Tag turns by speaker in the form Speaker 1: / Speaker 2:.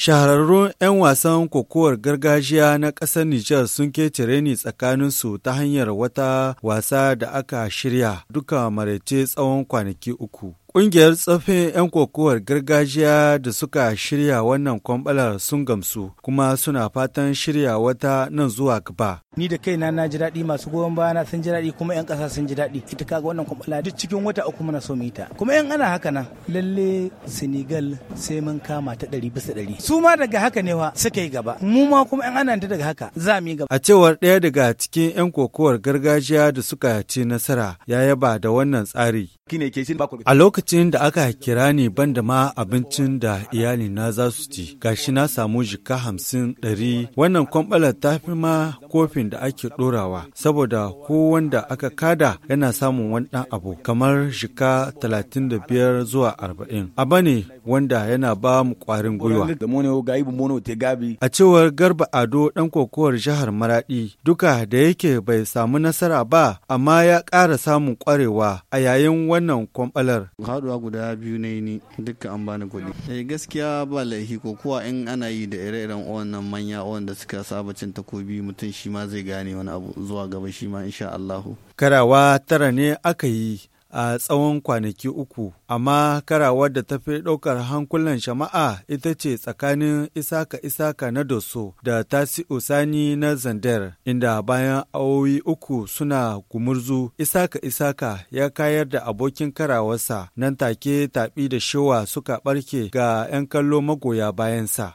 Speaker 1: Shahararrun 'yan wasan kokowar gargajiya na ƙasar Nijar sun ketare ni tsakaninsu ta hanyar wata wasa da aka shirya duka maraice tsawon kwanaki uku. Ƙungiyar tsoffin 'yan kokowar gargajiya da suka shirya wannan kwambalar sun gamsu kuma suna fatan shirya wata nan zuwa gaba.
Speaker 2: ni da kaina na ji daɗi masu goyon bayana sun ji daɗi kuma 'yan ƙasa sun ji daɗi ita kaga wannan kwamfala duk cikin wata uku muna so mu kuma 'yan ana haka nan lalle senegal sai mun kama ta ɗari bisa ɗari su ma daga haka ne wa suka yi gaba mu ma kuma 'yan ana daga haka za mu yi gaba. a
Speaker 1: cewar ɗaya daga cikin 'yan kokowar gargajiya da suka ci nasara ya yaba da wannan tsari. a lokacin da aka kira ni ban da ma abincin da iyali na za su ci gashi na samu jika hamsin ɗari wannan kwamfalar ta fi ma kofin zunubin da ake ɗorawa saboda ko wanda aka kada yana samun wani ɗan abu kamar shika 35 zuwa 40 a bane wanda yana ba mu kwarin gwiwa. A cewar Garba Ado ɗan kokowar jihar Maraɗi duka da yake bai samu nasara ba amma ya ƙara samun ƙwarewa a yayin wannan kwamɓalar.
Speaker 3: Haɗuwa guda biyu ne ni duka
Speaker 1: an bani kuɗi.
Speaker 3: Eh gaskiya ba laifi ko kuwa in ana yi da ire-iren wannan manya wanda suka saba cin takobi mutum shi ma zai gane wani abu zuwa gaba shi ma insha Allahu.
Speaker 1: Karawa tara ne aka yi a tsawon kwanaki uku, amma karawar da ta fi ɗaukar hankulan shama'a ita ce tsakanin Isaka Isaka na Doso da Tasi Usani na Zandar, inda bayan awowi uku suna gumurzu, Isaka Isaka ya kayar da abokin karawarsa nan take tabi da shewa suka ɓarke ga 'yan kallo magoya bayansa.